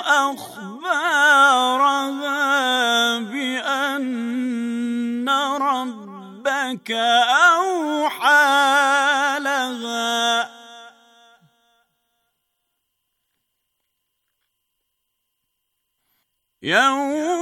أخبارها بأن ربك أوحى لها يوم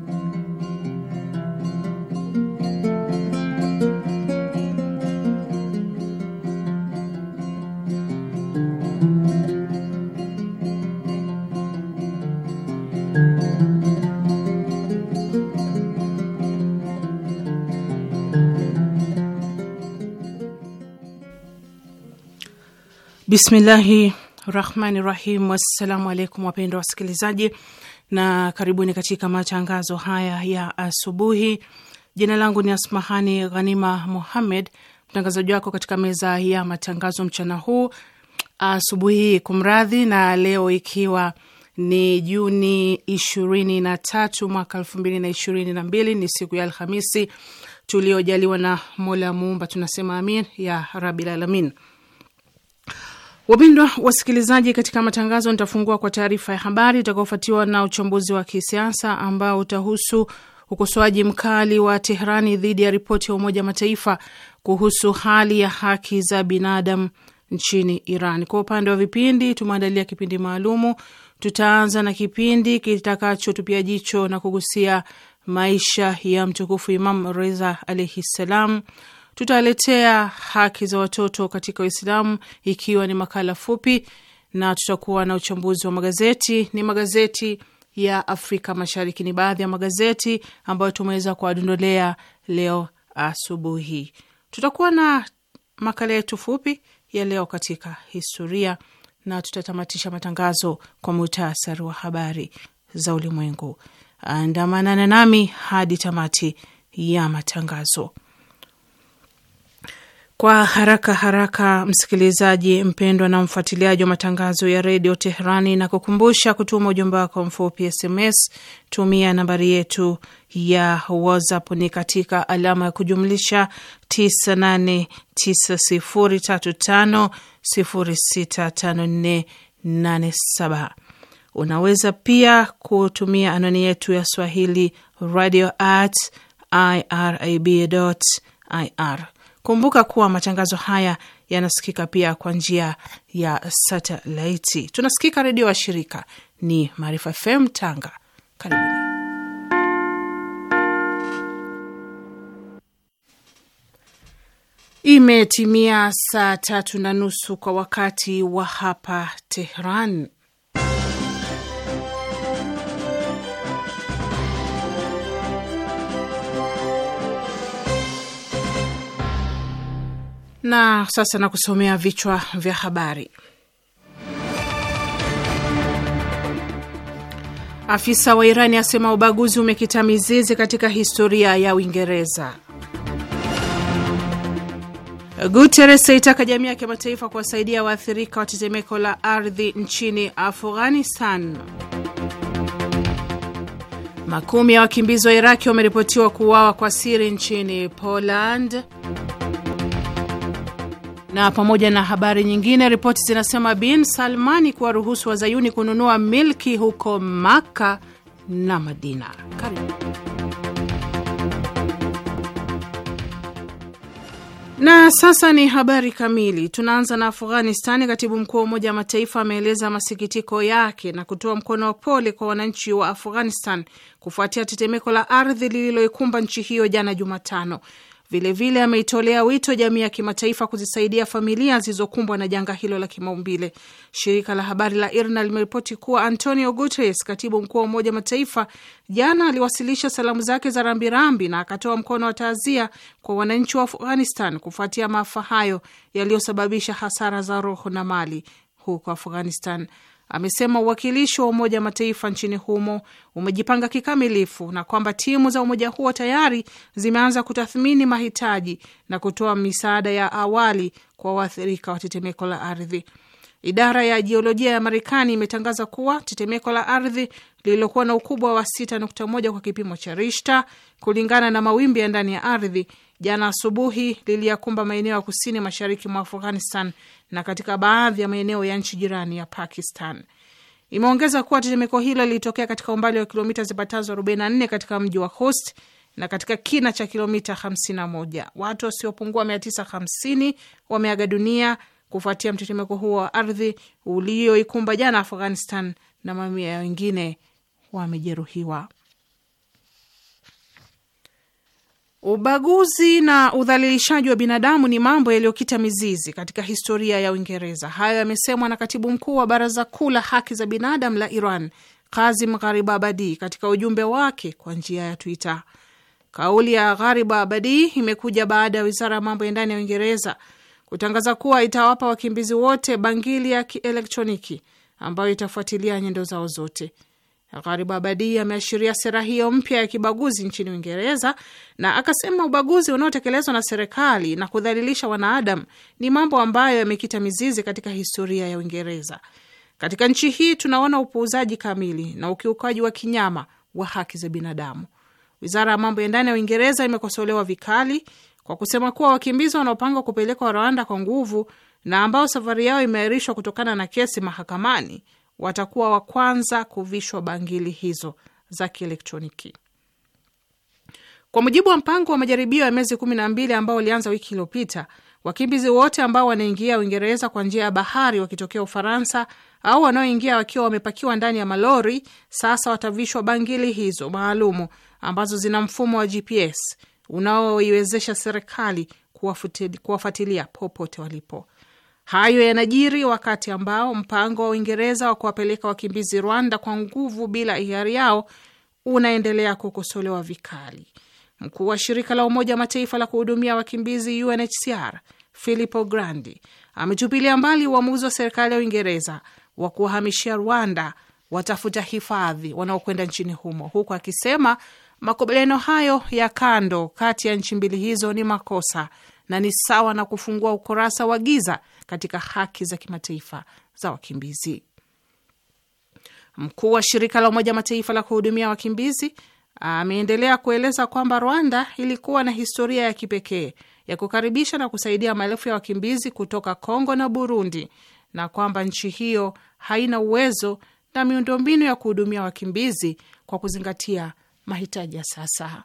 Bismillahi rahmani rahim. Wassalamu alaikum wapendwa wasikilizaji, na karibuni katika matangazo haya ya asubuhi. Jina langu ni Asmahani Ghanima Muhammed, mtangazaji wako katika meza ya matangazo mchana huu asubuhi hii, kumradhi. Na leo ikiwa ni Juni ishirini na tatu mwaka elfu mbili na ishirini na mbili ni siku ya Alhamisi tuliojaliwa na Mola Muumba, tunasema amin ya rabil alamin. Wapendwa wasikilizaji, katika matangazo nitafungua kwa taarifa ya habari itakaofuatiwa na uchambuzi wa kisiasa ambao utahusu ukosoaji mkali wa Teherani dhidi ya ripoti ya Umoja Mataifa kuhusu hali ya haki za binadamu nchini Iran. Kwa upande wa vipindi, tumeandalia kipindi maalumu. Tutaanza na kipindi kitakachotupia jicho na kugusia maisha ya mtukufu Imam Reza alaihi ssalam tutawaletea haki za watoto katika Uislamu, ikiwa ni makala fupi, na tutakuwa na uchambuzi wa magazeti. Ni magazeti ya Afrika Mashariki, ni baadhi ya magazeti ambayo tumeweza kuwadondolea leo asubuhi. Tutakuwa na makala yetu fupi ya leo katika historia, na tutatamatisha matangazo kwa muhtasari wa habari za ulimwengu. Andamanana nami hadi tamati ya matangazo. Kwa haraka haraka, msikilizaji mpendwa na mfuatiliaji wa matangazo ya redio Teherani, na kukumbusha kutuma ujumbe wako mfupi SMS. Tumia nambari yetu ya WhatsApp ni katika alama ya kujumlisha 989035065487. Unaweza pia kutumia anwani yetu ya swahili radio at irab ir Kumbuka kuwa matangazo haya yanasikika pia kwa njia ya satelaiti. Tunasikika redio wa shirika ni Maarifa FM Tanga. Karibuni. Imetimia saa tatu na nusu kwa wakati wa hapa Tehran. Na sasa na kusomea vichwa vya habari. Afisa wa Irani asema ubaguzi umekita mizizi katika historia ya Uingereza. Guteres aitaka jamii ya kimataifa kuwasaidia waathirika wa tetemeko la ardhi nchini Afghanistan. Makumi ya wakimbizi wa Iraki wameripotiwa kuuawa kwa siri nchini Poland. Na pamoja na habari nyingine, ripoti zinasema Bin Salmani kuwaruhusu wazayuni kununua milki huko Maka na Madina. Karibu. Na sasa ni habari kamili. Tunaanza na Afghanistani. Katibu mkuu wa Umoja wa Mataifa ameeleza masikitiko yake na kutoa mkono wa pole kwa wananchi wa Afghanistan kufuatia tetemeko la ardhi lililoikumba nchi hiyo jana Jumatano. Vilevile ameitolea wito jamii ya kimataifa kuzisaidia familia zilizokumbwa na janga hilo la kimaumbile. Shirika la habari la IRNA limeripoti kuwa Antonio Guterres, katibu mkuu wa Umoja Mataifa, jana aliwasilisha salamu zake za rambirambi na akatoa mkono wa taazia kwa wananchi wa Afghanistan kufuatia maafa hayo yaliyosababisha hasara za roho na mali huko Afghanistan amesema uwakilishi wa Umoja wa Mataifa nchini humo umejipanga kikamilifu na kwamba timu za umoja huo tayari zimeanza kutathmini mahitaji na kutoa misaada ya awali kwa waathirika wa tetemeko la ardhi. Idara ya jiolojia ya Marekani imetangaza kuwa tetemeko la ardhi lililokuwa na ukubwa wa 6.1 kwa kipimo cha Rishta kulingana na mawimbi ya ndani ya ardhi jana asubuhi liliyakumba maeneo ya kusini mashariki mwa Afghanistan na katika baadhi ya maeneo ya nchi jirani ya Pakistan. Imeongeza kuwa tetemeko hilo lilitokea katika umbali wa kilomita zipatazo 44 katika mji wa Khost na katika kina cha kilomita 51. Watu wasiopungua 950 wameaga dunia kufuatia mtetemeko huo wa ardhi ulioikumba jana Afghanistan na mamia wengine wamejeruhiwa. Ubaguzi na udhalilishaji wa binadamu ni mambo yaliyokita mizizi katika historia ya Uingereza. Hayo yamesemwa na katibu mkuu wa Baraza Kuu la Haki za Binadamu la Iran, Kazim Gharibabadi, katika ujumbe wake kwa njia ya Twitter. Kauli ya Gharibabadi imekuja baada ya wizara ya mambo ya ndani ya Uingereza kutangaza kuwa itawapa wakimbizi wote bangili ya kielektroniki ambayo itafuatilia nyendo zao zote. Gharibu Abadi ameashiria sera hiyo mpya ya kibaguzi nchini Uingereza na akasema ubaguzi unaotekelezwa na serikali na kudhalilisha wanaadamu ni mambo ambayo yamekita mizizi katika historia ya Uingereza. Katika nchi hii tunaona upuuzaji kamili na ukiukaji wa kinyama wa haki za binadamu. Wizara ya mambo ya ndani ya Uingereza imekosolewa vikali kwa kusema kuwa wakimbizi wanaopangwa kupelekwa Rwanda kwa nguvu na ambao safari yao imeahirishwa kutokana na kesi mahakamani watakuwa wa kwanza kuvishwa bangili hizo za kielektroniki kwa mujibu wa mpango wa majaribio ya miezi kumi na mbili ambao ulianza wiki iliyopita. Wakimbizi wote ambao wanaingia Uingereza kwa njia ya bahari wakitokea Ufaransa au wanaoingia wakiwa wamepakiwa ndani ya malori sasa watavishwa bangili hizo maalumu ambazo zina mfumo wa GPS unaoiwezesha serikali kuwafuatilia popote walipo. Hayo yanajiri wakati ambao mpango wa Uingereza wa kuwapeleka wakimbizi Rwanda kwa nguvu bila hiari yao unaendelea kukosolewa vikali. Mkuu wa shirika la Umoja wa Mataifa la kuhudumia wakimbizi UNHCR Filippo Grandi ametupilia mbali uamuzi wa serikali ya Uingereza wa kuwahamishia Rwanda watafuta hifadhi wanaokwenda nchini humo, huku akisema makubaliano hayo ya kando kati ya nchi mbili hizo ni makosa na ni sawa na kufungua ukurasa wa giza katika haki za kimataifa za wakimbizi. Mkuu wa shirika la Umoja Mataifa la kuhudumia wakimbizi ameendelea kueleza kwamba Rwanda ilikuwa na historia ya kipekee ya kukaribisha na kusaidia maelfu ya wakimbizi kutoka Kongo na Burundi na kwamba nchi hiyo haina uwezo na miundombinu ya kuhudumia wakimbizi kwa kuzingatia mahitaji ya sasa.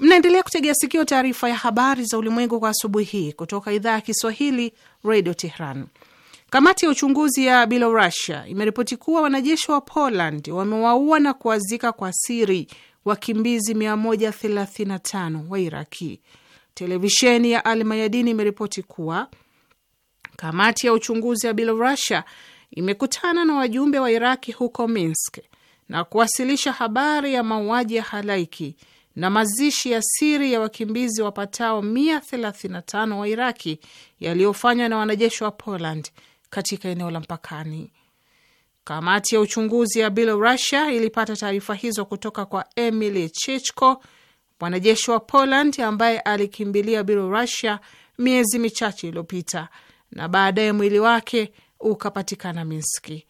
Mnaendelea kutegea sikio taarifa ya habari za ulimwengu kwa asubuhi hii kutoka idhaa ya Kiswahili Radio Tehran. Kamati ya uchunguzi ya belorusia imeripoti kuwa wanajeshi wa Poland wamewaua na kuwazika kwa siri wakimbizi 135 wa Iraki. Televisheni ya Almayadini imeripoti kuwa kamati ya uchunguzi ya belorusia imekutana na wajumbe wa Iraki huko Minsk na kuwasilisha habari ya mauaji ya halaiki na mazishi ya siri ya wakimbizi wapatao 135 wa Iraki yaliyofanywa na wanajeshi wa Poland katika eneo la mpakani. Kamati ya uchunguzi ya belorussia ilipata taarifa hizo kutoka kwa Emily Chichko, mwanajeshi wa Poland ambaye alikimbilia Belarusia miezi michache iliyopita na baadaye mwili wake ukapatikana Minski.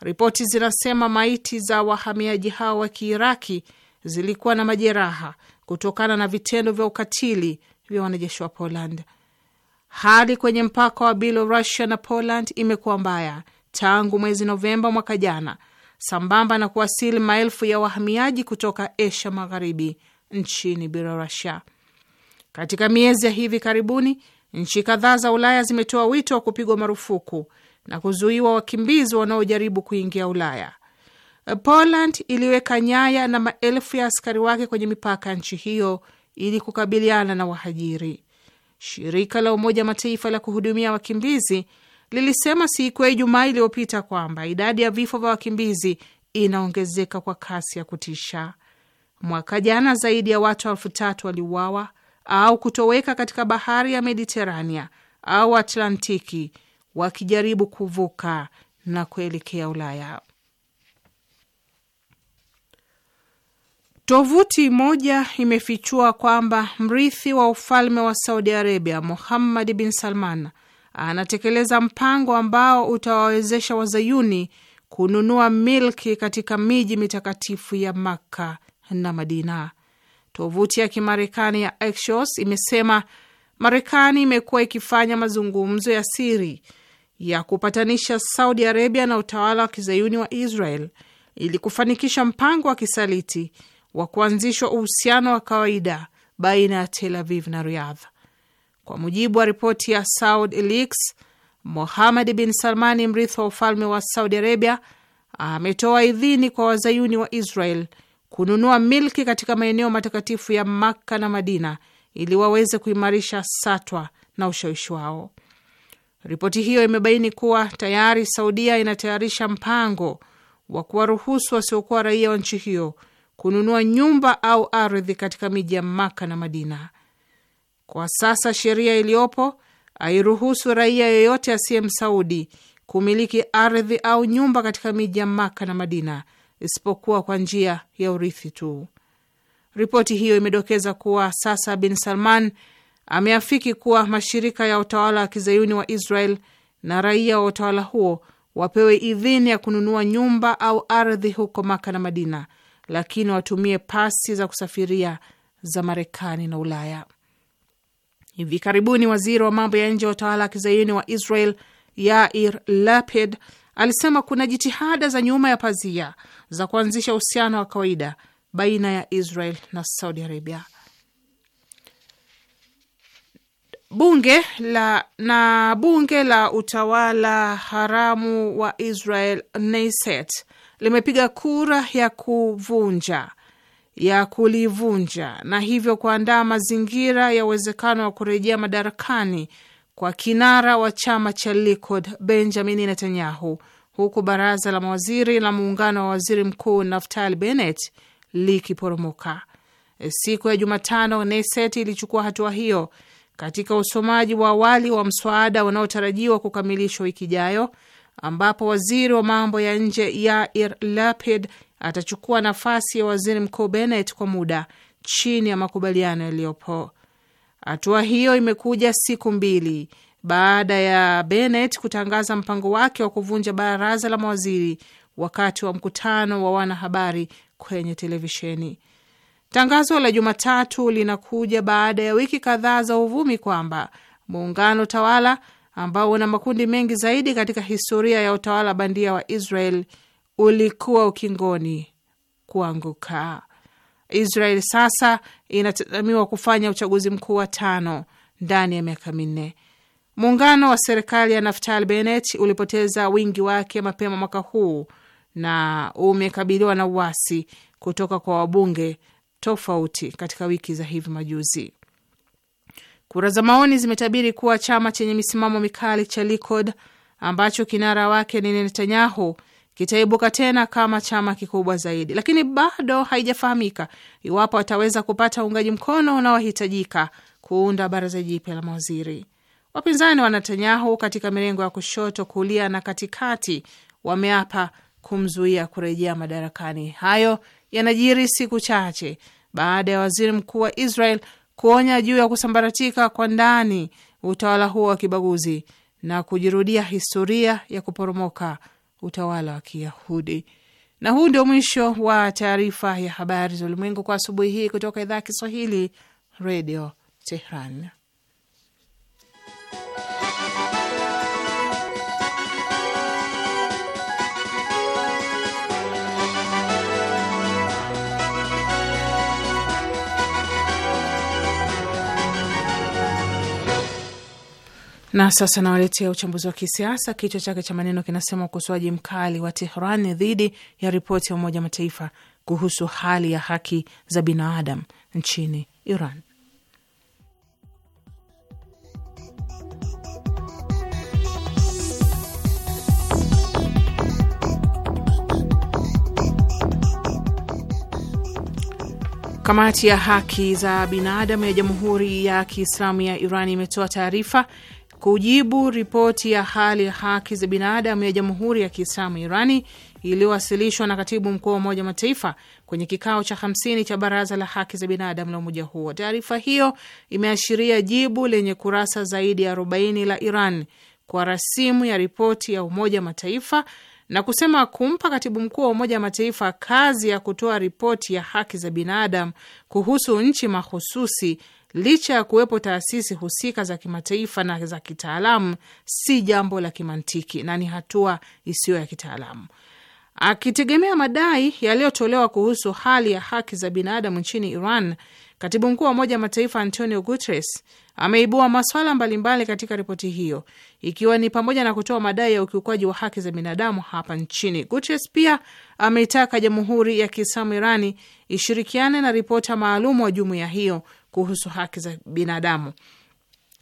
Ripoti zinasema maiti za wahamiaji hao wa Kiiraki zilikuwa na majeraha kutokana na vitendo vya ukatili vya wanajeshi wa Poland. Hali kwenye mpaka wa Belarusia na Poland imekuwa mbaya tangu mwezi Novemba mwaka jana, sambamba na kuwasili maelfu ya wahamiaji kutoka Asia Magharibi nchini Belarusia. Katika miezi ya hivi karibuni, nchi kadhaa za Ulaya zimetoa wito wa kupigwa marufuku na kuzuiwa wakimbizi wanaojaribu kuingia Ulaya. Eh, Poland iliweka nyaya na maelfu ya askari wake kwenye mipaka ya nchi hiyo ili kukabiliana na wahajiri. Shirika la Umoja Mataifa la kuhudumia wakimbizi lilisema siku ya Ijumaa iliyopita kwamba idadi ya vifo vya wakimbizi inaongezeka kwa kasi ya kutisha. Mwaka jana zaidi ya watu elfu tatu waliuawa au kutoweka katika bahari ya Mediterania au Atlantiki wakijaribu kuvuka na kuelekea Ulaya. Tovuti moja imefichua kwamba mrithi wa ufalme wa Saudi Arabia Muhammad bin Salman anatekeleza mpango ambao utawawezesha wazayuni kununua milki katika miji mitakatifu ya Makka na Madina. Tovuti ya Kimarekani ya Axios imesema Marekani imekuwa ikifanya mazungumzo ya siri ya kupatanisha Saudi Arabia na utawala wa kizayuni wa Israel ili kufanikisha mpango wa kisaliti wa kuanzishwa uhusiano wa kawaida baina ya Tel Aviv na Riyadh. Kwa mujibu wa ripoti ya Saud Leaks, Mohamed bin Salmani, mrithi wa ufalme wa Saudi Arabia, ametoa idhini kwa wazayuni wa Israel kununua milki katika maeneo matakatifu ya Makka na Madina ili waweze kuimarisha satwa na ushawishi wao. Ripoti hiyo imebaini kuwa tayari Saudia inatayarisha mpango wa kuwaruhusu wasiokuwa raia wa nchi hiyo kununua nyumba au ardhi katika miji ya Maka na Madina. Kwa sasa sheria iliyopo hairuhusu raia yeyote asiye Msaudi kumiliki ardhi au nyumba katika miji ya Maka na Madina isipokuwa kwa njia ya urithi tu. Ripoti hiyo imedokeza kuwa sasa Bin Salman ameafiki kuwa mashirika ya utawala wa kizayuni wa Israel na raia wa utawala huo wapewe idhini ya kununua nyumba au ardhi huko Maka na Madina lakini watumie pasi za kusafiria za Marekani na Ulaya. Hivi karibuni waziri wa mambo ya nje wa utawala wa kizayuni wa Israel Yair Lapid alisema kuna jitihada za nyuma ya pazia za kuanzisha uhusiano wa kawaida baina ya Israel na Saudi Arabia. Bunge la na bunge la utawala haramu wa Israel Knesset limepiga kura ya kuvunja ya kulivunja na hivyo kuandaa mazingira ya uwezekano wa kurejea madarakani kwa kinara wa chama cha Likud Benjamin Netanyahu, huku baraza la mawaziri la muungano wa waziri mkuu Naftali Bennett likiporomoka. Siku ya Jumatano, Knesset ilichukua hatua hiyo katika usomaji wa awali wa mswada unaotarajiwa kukamilishwa wiki ijayo ambapo waziri wa mambo ya nje Yair Lapid atachukua nafasi ya waziri mkuu Bennett kwa muda chini ya makubaliano yaliyopo. Hatua hiyo imekuja siku mbili baada ya Bennett kutangaza mpango wake wa kuvunja baraza la mawaziri wakati wa mkutano wa wanahabari kwenye televisheni. Tangazo la Jumatatu linakuja baada ya wiki kadhaa za uvumi kwamba muungano tawala ambao una makundi mengi zaidi katika historia ya utawala bandia wa Israel ulikuwa ukingoni kuanguka. Israel sasa inatazamiwa kufanya uchaguzi mkuu wa tano ndani ya miaka minne. Muungano wa serikali ya Naftali Bennett ulipoteza wingi wake mapema mwaka huu na umekabiliwa na uasi kutoka kwa wabunge tofauti katika wiki za hivi majuzi. Kura za maoni zimetabiri kuwa chama chenye misimamo mikali cha Likud ambacho kinara wake ni Netanyahu kitaibuka tena kama chama kikubwa zaidi, lakini bado haijafahamika iwapo wataweza kupata uungaji mkono unaohitajika kuunda baraza jipya la mawaziri. Wapinzani wa Netanyahu katika mirengo ya kushoto, kulia na katikati wameapa kumzuia kurejea madarakani. Hayo yanajiri siku chache baada ya waziri mkuu wa Israel kuonya juu ya kusambaratika kwa ndani utawala huo wa kibaguzi na kujirudia historia ya kuporomoka utawala wa Kiyahudi. Na huu ndio mwisho wa taarifa ya habari za ulimwengu kwa asubuhi hii kutoka idhaa ya Kiswahili, Redio Tehran. Na sasa nawaletea uchambuzi wa kisiasa, kichwa chake cha maneno kinasema ukosoaji mkali wa Tehran dhidi ya ripoti ya Umoja Mataifa kuhusu hali ya haki za binadamu nchini Iran. Kamati ya haki za binadamu ya Jamhuri ya Kiislamu ya Iran imetoa taarifa kujibu ripoti ya hali ya haki za binadamu ya Jamhuri ya Kiislamu Irani iliyowasilishwa na katibu mkuu wa Umoja wa Mataifa kwenye kikao cha 50 cha Baraza la Haki za Binadamu la umoja huo. Taarifa hiyo imeashiria jibu lenye kurasa zaidi ya 40 la Iran kwa rasimu ya ripoti ya Umoja wa Mataifa na kusema kumpa katibu mkuu wa Umoja wa Mataifa kazi ya kutoa ripoti ya haki za binadamu kuhusu nchi mahususi licha ya kuwepo taasisi husika za kimataifa na za kitaalamu, si jambo la kimantiki na ni hatua isiyo ya kitaalamu. Akitegemea madai yaliyotolewa kuhusu hali ya haki za binadamu nchini Iran, katibu mkuu wa Umoja wa Mataifa Antonio Guterres ameibua maswala mbalimbali katika ripoti hiyo, ikiwa ni pamoja na kutoa madai ya ukiukwaji wa haki za binadamu hapa nchini. Guterres pia ameitaka Jamhuri ya Kiislamu Irani ishirikiane na ripota maalumu wa jumuiya hiyo kuhusu haki za binadamu.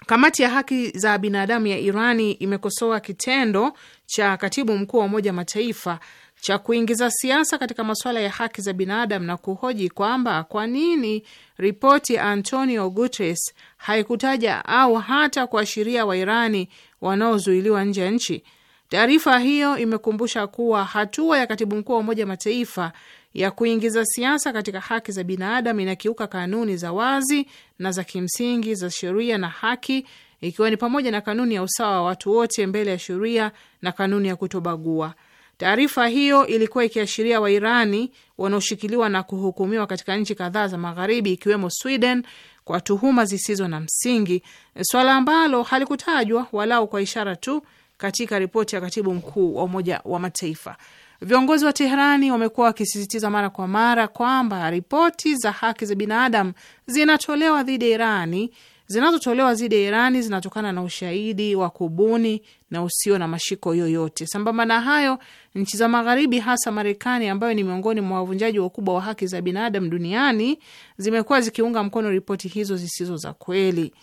Kamati ya haki za binadamu ya Irani imekosoa kitendo cha katibu mkuu wa Umoja Mataifa cha kuingiza siasa katika masuala ya haki za binadamu na kuhoji kwamba kwa nini ripoti ya Antonio Guterres haikutaja au hata kuashiria Wairani wanaozuiliwa nje ya nchi. Taarifa hiyo imekumbusha kuwa hatua ya katibu mkuu wa Umoja Mataifa ya kuingiza siasa katika haki za binadamu inakiuka kanuni za wazi na za kimsingi za sheria na haki, ikiwa ni pamoja na kanuni ya usawa wa watu wote mbele ya sheria na kanuni ya kutobagua. Taarifa hiyo ilikuwa ikiashiria Wairani wanaoshikiliwa na kuhukumiwa katika nchi kadhaa za Magharibi ikiwemo Sweden kwa tuhuma zisizo na msingi, swala ambalo halikutajwa walau kwa ishara tu katika ripoti ya katibu mkuu wa Umoja wa Mataifa. Viongozi wa Teherani wamekuwa wakisisitiza mara kwa mara kwamba ripoti za haki za binadamu zinatolewa dhidi ya Irani zinazotolewa dhidi ya Irani zinatokana na ushahidi wa kubuni na usio na mashiko yoyote. Sambamba na hayo, nchi za Magharibi, hasa Marekani ambayo ni miongoni mwa wavunjaji wakubwa wa haki za binadamu duniani, zimekuwa zikiunga mkono ripoti hizo zisizo za kweli.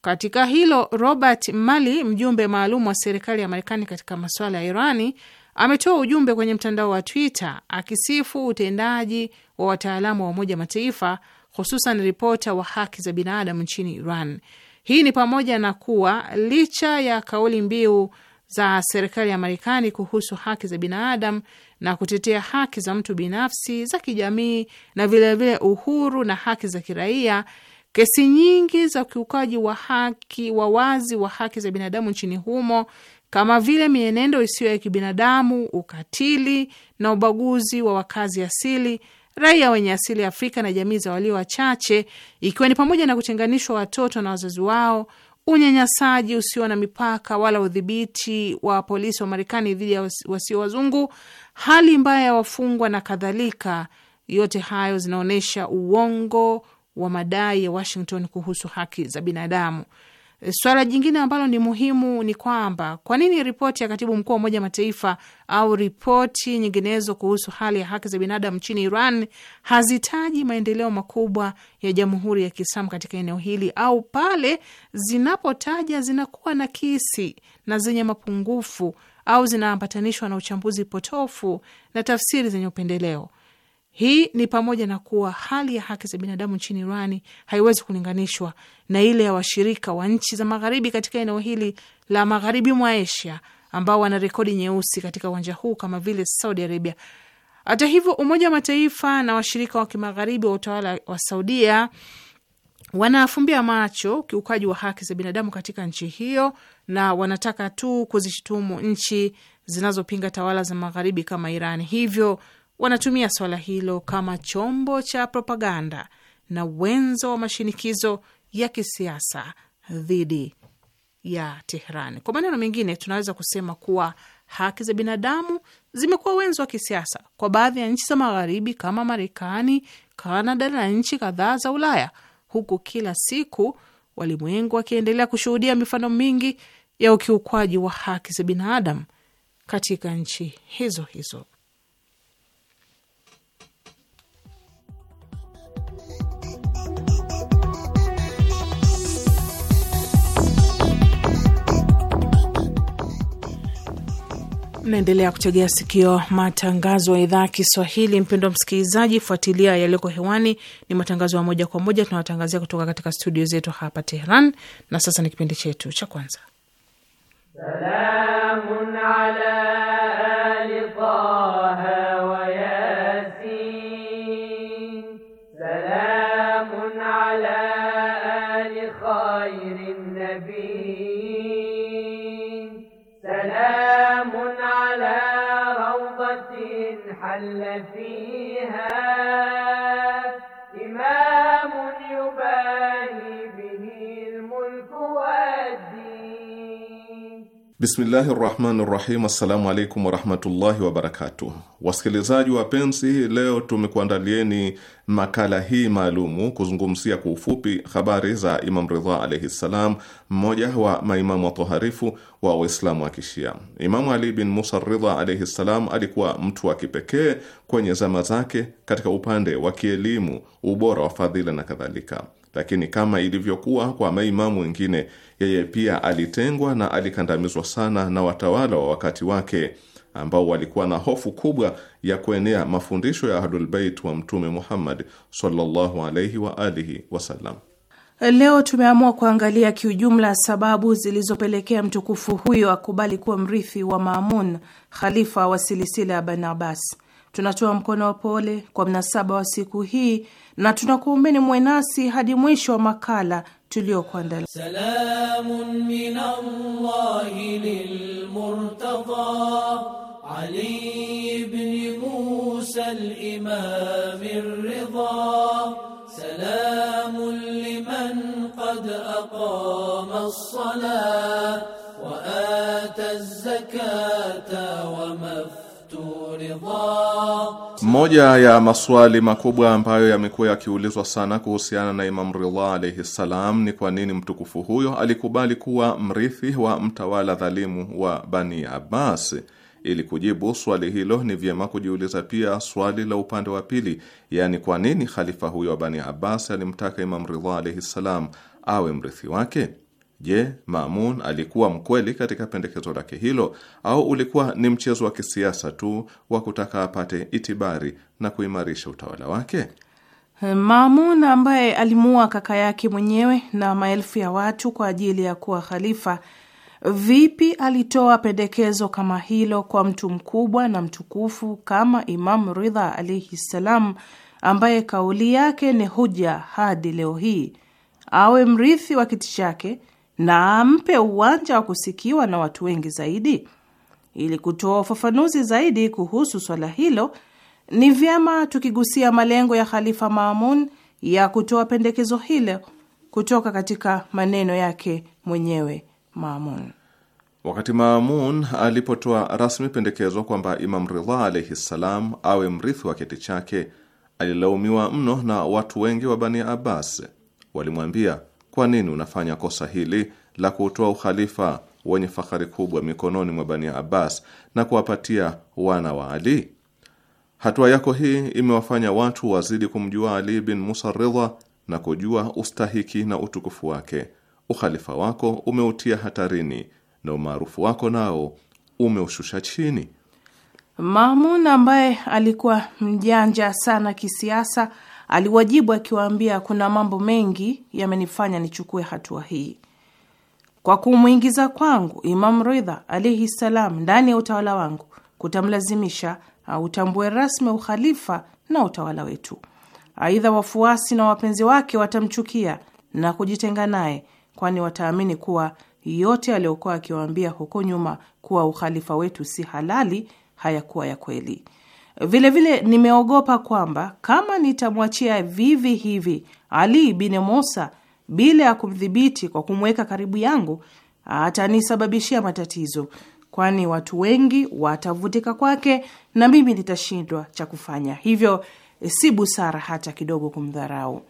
Katika hilo, Robert Malley, mjumbe maalum wa serikali ya Marekani katika masuala ya Irani, ametoa ujumbe kwenye mtandao wa Twitter akisifu utendaji wa wataalamu wa Umoja Mataifa, hususan ripota wa haki za binadamu nchini Iran. Hii ni pamoja na kuwa licha ya kauli mbiu za serikali ya Marekani kuhusu haki za binadamu na kutetea haki za mtu binafsi za kijamii na vilevile vile uhuru na haki za kiraia, kesi nyingi za ukiukaji wa haki wa wazi wa haki za binadamu nchini humo kama vile mienendo isiyo ya kibinadamu, ukatili na ubaguzi wa wakazi asili, raia wenye asili ya Afrika na jamii za walio wachache, ikiwa ni pamoja na kutenganishwa watoto na wazazi wao, unyanyasaji usio na mipaka wala udhibiti wa polisi wa Marekani dhidi ya wasio wazungu, hali mbaya ya wafungwa na kadhalika. Yote hayo zinaonyesha uongo wa madai ya Washington kuhusu haki za binadamu. Swala jingine ambalo ni muhimu ni kwamba kwa nini ripoti ya katibu mkuu wa Umoja wa Mataifa au ripoti nyinginezo kuhusu hali ya haki za binadamu nchini Iran hazitaji maendeleo makubwa ya Jamhuri ya Kiislamu katika eneo hili, au pale zinapotaja zinakuwa na kisi na zenye mapungufu au zinaambatanishwa na uchambuzi potofu na tafsiri zenye upendeleo hii ni pamoja na kuwa hali ya haki za binadamu nchini Irani haiwezi kulinganishwa na ile ya washirika wa nchi za magharibi katika eneo hili la magharibi mwa Asia ambao wana rekodi nyeusi katika uwanja huu kama vile Saudi Arabia. Hata hivyo, Umoja wa Mataifa na washirika wa kimagharibi wa utawala wa Saudia wanafumbia macho ukiukaji wa haki za binadamu katika nchi hiyo na wanataka tu kuzishutumu nchi zinazopinga tawala za magharibi kama Iran. Hivyo wanatumia swala hilo kama chombo cha propaganda na wenzo wa mashinikizo ya kisiasa dhidi ya Tehran. Kwa maneno mengine, tunaweza kusema kuwa haki za binadamu zimekuwa wenzo wa kisiasa kwa baadhi ya nchi za Magharibi kama Marekani, Kanada na nchi kadhaa za Ulaya, huku kila siku walimwengu wakiendelea kushuhudia mifano mingi ya ukiukwaji wa haki za binadamu katika nchi hizo hizo. Naendelea kutegea sikio matangazo ya idhaa ya Kiswahili. Mpendwa msikilizaji, fuatilia yaliyoko hewani. Ni matangazo ya moja kwa moja tunawatangazia kutoka katika studio zetu hapa Tehran. Na sasa ni kipindi chetu cha kwanza, salamun ala التي فيها Bismillahi rahmani rahim. Assalamu alaikum warahmatullahi wabarakatuh. Wasikilizaji wapenzi, leo tumekuandalieni makala hii maalumu kuzungumzia kwa ufupi habari za Imam Ridha alaihi ssalam, mmoja wa maimamu watoharifu wa Waislamu wa Kishia. Imamu Ali bin Musa Ridha alaihi ssalam alikuwa mtu wa kipekee kwenye zama zake katika upande wa kielimu, ubora wa fadhila na kadhalika, lakini kama ilivyokuwa kwa maimamu wengine yeye pia alitengwa na alikandamizwa sana na watawala wa wakati wake ambao walikuwa na hofu kubwa ya kuenea mafundisho ya Ahlulbeit wa Mtume Muhammad sallallahu alaihi wa alihi wasallam. Leo tumeamua kuangalia kiujumla sababu zilizopelekea mtukufu huyo akubali kuwa mrithi wa Maamun, khalifa wa silisila ya Bani Abbas. Tunatoa mkono wa pole kwa mnasaba wa siku hii na tunakuombeni mwenasi hadi mwisho wa makala tuliokuandalia. Salamun min Allah lilmurtada علي بن موسى الإمام الرضا سلام لمن قد أقام الصلاة وآتى الزكاة ومفعل Moja ya maswali makubwa ambayo yamekuwa yakiulizwa sana kuhusiana na Imam Ridha alaihi salam ni kwa nini mtukufu huyo alikubali kuwa mrithi wa mtawala dhalimu wa Bani Abbas. Ili kujibu swali hilo, ni vyema kujiuliza pia swali la upande wa pili, yaani kwa nini khalifa huyo wa Bani Abbas alimtaka Imam Ridha alaihi ssalam awe mrithi wake. Je, Mamun alikuwa mkweli katika pendekezo lake hilo au ulikuwa ni mchezo wa kisiasa tu wa kutaka apate itibari na kuimarisha utawala wake? Mamun ambaye alimuua kaka yake mwenyewe na maelfu ya watu kwa ajili ya kuwa khalifa, vipi alitoa pendekezo kama hilo kwa mtu mkubwa na mtukufu kama Imam Ridha alaihi ssalam, ambaye kauli yake ni huja hadi leo hii, awe mrithi wa kiti chake na ampe uwanja wa kusikiwa na watu wengi zaidi. Ili kutoa ufafanuzi zaidi kuhusu swala hilo, ni vyema tukigusia malengo ya Khalifa Maamun ya kutoa pendekezo hilo kutoka katika maneno yake mwenyewe Maamun. Wakati Maamun alipotoa rasmi pendekezo kwamba Imam Ridha alaihi ssalam awe mrithi wa kiti chake, alilaumiwa mno na watu wengi wa Bani Abbas. Walimwambia kwa nini unafanya kosa hili la kutoa ukhalifa wenye fahari kubwa mikononi mwa Bani Abbas na kuwapatia wana wa Ali? Hatua yako hii imewafanya watu wazidi kumjua Ali bin Musa Ridha na kujua ustahiki na utukufu wake. Ukhalifa wako umeutia hatarini na umaarufu wako nao umeushusha chini. Mamun ambaye alikuwa mjanja sana kisiasa aliwajibu akiwaambia, kuna mambo mengi yamenifanya nichukue hatua hii. Kwa kumwingiza kwangu imam Ridha alaihi ssalam ndani ya utawala wangu kutamlazimisha autambue rasmi ukhalifa na utawala wetu. Aidha, wafuasi na wapenzi wake watamchukia na kujitenga naye, kwani wataamini kuwa yote aliyokuwa akiwaambia huko nyuma kuwa ukhalifa wetu si halali hayakuwa ya kweli. Vilevile nimeogopa kwamba kama nitamwachia vivi hivi Ali bin Musa bila ya kumdhibiti kwa kumweka karibu yangu, atanisababishia matatizo, kwani watu wengi watavutika kwake na mimi nitashindwa cha kufanya. Hivyo si busara hata kidogo kumdharau.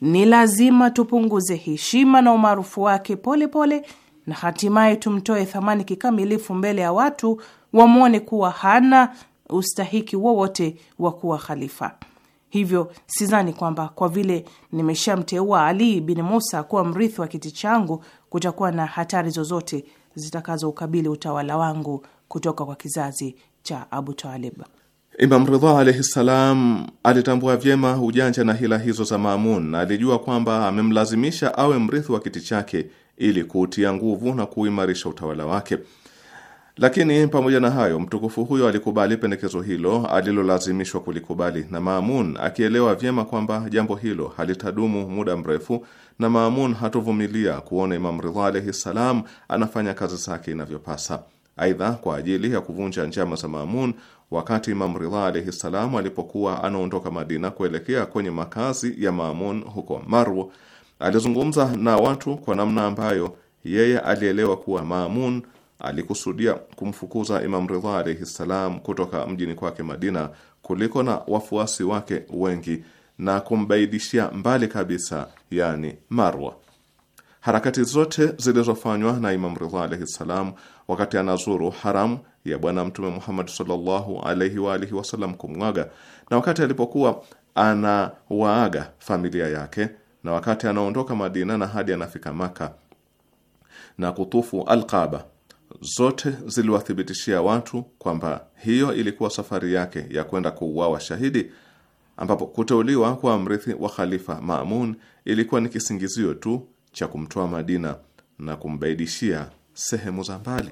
Ni lazima tupunguze heshima na umaarufu wake polepole pole, na hatimaye tumtoe thamani kikamilifu mbele ya watu, wamwone kuwa hana ustahiki wowote wa kuwa khalifa. Hivyo sidhani kwamba kwa vile nimeshamteua Ali bin Musa kuwa mrithi wa kiti changu kutakuwa na hatari zozote zitakazoukabili utawala wangu kutoka kwa kizazi cha Abu Talib. Imam Ridha alaihi ssalam alitambua vyema ujanja na hila hizo za Maamun na alijua kwamba amemlazimisha awe mrithi wa kiti chake ili kuutia nguvu na kuimarisha utawala wake. Lakini pamoja na hayo, mtukufu huyo alikubali pendekezo hilo alilolazimishwa kulikubali na Maamun, akielewa vyema kwamba jambo hilo halitadumu muda mrefu, na Maamun hatovumilia kuona Imam Ridha alaihi ssalam anafanya kazi zake inavyopasa. Aidha, kwa ajili ya kuvunja njama za Maamun, wakati Imam Ridha alaihi ssalam alipokuwa anaondoka Madina kuelekea kwenye makazi ya Maamun huko Marw, alizungumza na watu kwa namna ambayo yeye alielewa kuwa Maamun alikusudia kumfukuza Imam Ridha alaihi ssalam kutoka mjini kwake Madina kuliko na wafuasi wake wengi na kumbaidishia mbali kabisa, yani Marwa. Harakati zote zilizofanywa na Imam Ridha alaihi ssalam wakati anazuru haramu ya Bwana Mtume Muhammad sallallahu alaihi wa alihi wasallam kumwaga na wakati alipokuwa anawaaga familia yake na wakati anaondoka Madina na hadi anafika Maka na kutufu Alqaba zote ziliwathibitishia watu kwamba hiyo ilikuwa safari yake ya kwenda kuuawa shahidi, ambapo kuteuliwa kwa mrithi wa Khalifa mamun ilikuwa ni kisingizio tu cha kumtoa Madina na kumbaidishia sehemu za mbali.